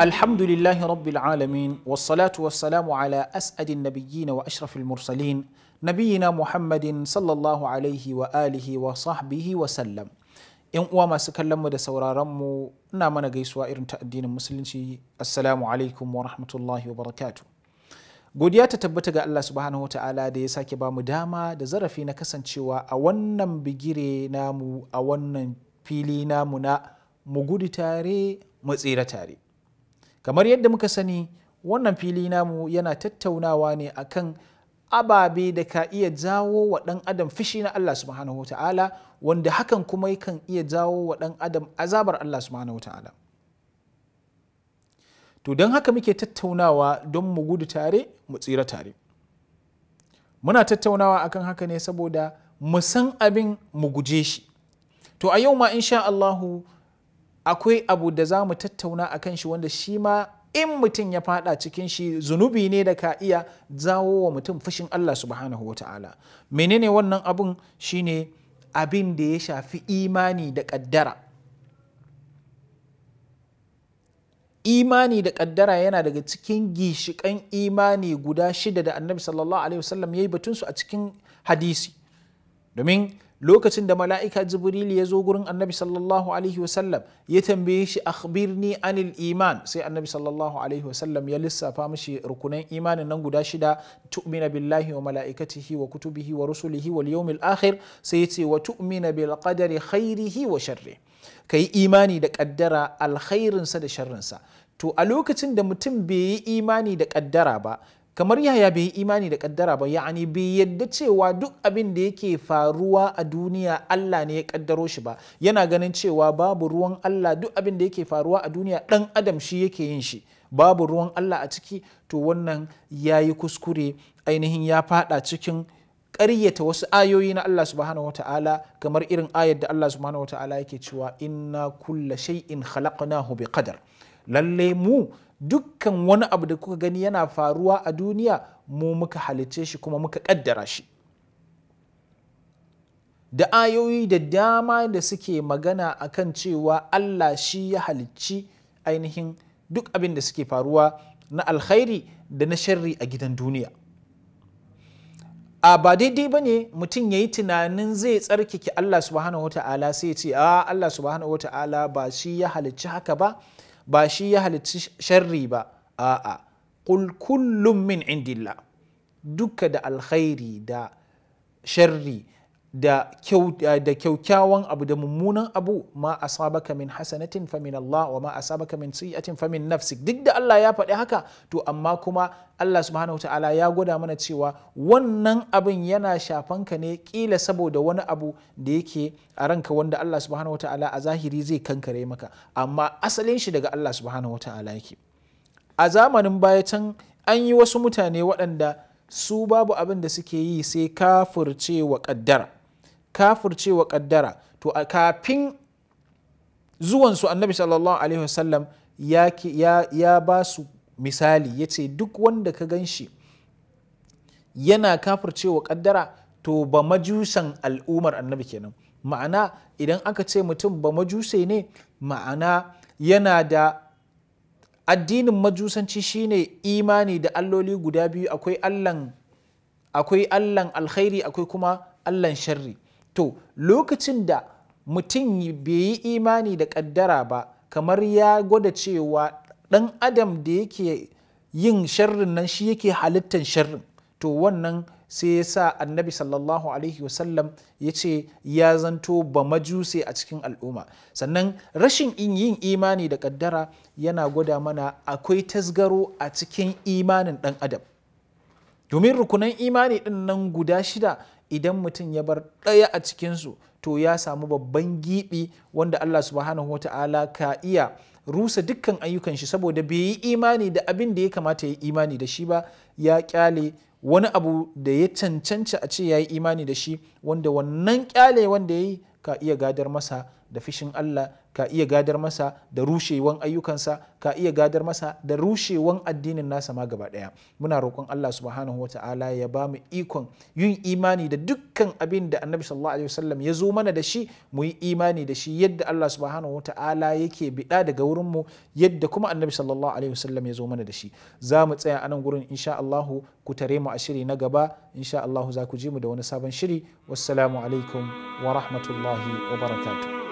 الحمد لله رب العالمين والصلاة والسلام على أسعد النبيين وأشرف المرسلين نبينا محمد صلى الله عليه وآله وصحبه وسلم إن وما سكلم دا سورا رمو نامنا قيسوا إرنتا الدين المسلم السلام عليكم ورحمة الله وبركاته godiya ta tabbata ga Allah subhanahu wataala da ya sake bamu dama da zarafi na kasancewa a wannan bigire namu a wannan fili namu na mu gudu tare mu tsira tare kamar yadda muka sani wannan fili namu yana tattaunawa ne akan ababe da ka iya jawo wa ɗan adam fishi na Allah subhanahu wa wanda hakan kuma kan iya jawo wa ɗan adam azabar Allah subhanahu wa to don haka muke tattaunawa don mu gudu tare mu tsira tare muna tattaunawa akan haka ne saboda mu san abin mu guje shi to a yau ma insha Allahu akwai abu da za mu tattauna a kan shi wanda shi ma in mutum ya fada cikin shi zunubi ne da ka iya zawo wa mutum fushin Allah subhanahu wa ta'ala menene wannan abun shine abin da ya shafi imani da kaddara imani da kaddara yana daga cikin gishikan imani guda shida da annabi sallallahu alaihi wasallam ya yi batunsu a cikin hadisi domin lokacin da mala'ika jibril ya zo gurin annabi sallallahu alaihi wasallam ya tambaye shi akhbirni anil iman sai annabi sallallahu alaihi wasallam ya lissafa mashi rukunan imanin nan guda shida tu'mina billahi wa mala'ikatihi wa kutubihi wa rusulihi wal yawmil akhir sai ya ce wa tu'mina bil qadari khairihi wa sharri yi imani da kaddara alkhairinsa da sharrinsa to a lokacin da mutum bai yi imani da kaddara ba kamar yaya bai yi imani da kaddara ba ya'ani bai yadda cewa duk abin da yake faruwa a duniya Allah ne ya kaddaro shi ba yana ganin cewa babu ruwan Allah duk abin da yake faruwa a duniya dan adam shi yake yin shi babu ruwan Allah a ciki to wannan ya yi kuskure ainihin ya fada cikin ƙaryata wasu ayoyi na Allah subhanahu wata'ala kamar irin ayar da Allah subhanahu wata'ala yake cewa inna kulla shay'in khalaqnahu bi qadar lalle mu dukkan wani abu da kuka gani yana faruwa a duniya mu muka halice shi kuma muka kaddara shi da ayoyi da dama da suke magana akan cewa Allah shi ya halicci ainihin duk abin da suke faruwa na alkhairi da na sharri a gidan duniya a ba daidai ba ne mutum ya yi tunanin zai tsarkake Allah subhanahu wa ta'ala sai ce a ah, Allah subhanahu wa ta'ala ba shi ya halicci haka ba ba shi ya halicci sharri ba a'a qul kullum min indillah duka da alkhairi da sharri Eh, da kyaukyawan abu da mummunan abu ma asabaka min hasanatin fa min Allah wa ma asabaka min sayyi'atin fa min nafsik duk da Allah ya faɗi haka to amma kuma Allah subhanahu ta'ala ya gwada mana cewa wannan abin yana shafan ka ne kila saboda wani abu da yake a ranka wanda Allah subhanahu ta'ala a zahiri zai kankare maka amma asalin shi daga Allah subhanahu ta'ala yake a zamanin baya can an yi wasu mutane waɗanda su babu abin da suke yi sai kafirce wa ƙaddara kafircewa kaddara to a kafin zuwansu annabi sallallahu alaihi wasallam ya, ya, ba su misali ya ce duk wanda ka gan shi yana kafircewa kaddara to ba majusan al'umar annabi kenan ma'ana idan aka ce mutum ba majuse ne ma'ana yana da addinin majusanci shine imani da alloli guda biyu akwai allan akwai allan alkhairi akwai kuma allan sharri to lokacin da mutum bai yi imani da ƙaddara ba kamar ya gwada cewa ɗan adam da yake yin sharrin nan shi yake halittar sharrin to wannan sai ya sa annabi sallallahu alaihi wasallam ya ce ya zanto ba majuse a cikin al'umma sannan rashin yin imani da ƙaddara yana gwada mana akwai tasgaro a cikin imanin ɗan adam domin rukunan imani din nan guda shida idan mutum ya bar ɗaya a cikinsu to ya samu babban giɓi wanda Allah subhanahu wa ta'ala ka iya rusa dukkan ayyukan shi saboda bai yi imani da abin da ya kamata ya yi imani da shi ba ya kyale wani abu da ya cancanci a ce ya yi imani da shi wanda wannan kyale wanda ya yi ka iya gadar masa da fishin Allah ka iya gadar masa da rushewan ayyukansa ka iya gadar masa da rushewan addinin nasa ma gaba daya. muna roƙon Allah subhanahu wa ta'ala ya ba mu ikon yin imani da dukkan abin da annabi sallallahu alaihi wasallam ya zo mana da shi mu yi imani da shi yadda Allah subhanahu wa ta'ala yake biɗa daga wurin mu yadda kuma annabi sallallahu alaihi wasallam ya zo mana da shi za mu tsaya anan nan gurin insha Allah ku tare mu a shiri na gaba insha Allah za ku ji mu da wani sabon shiri wassalamu alaikum wa rahmatullahi wa barakatuh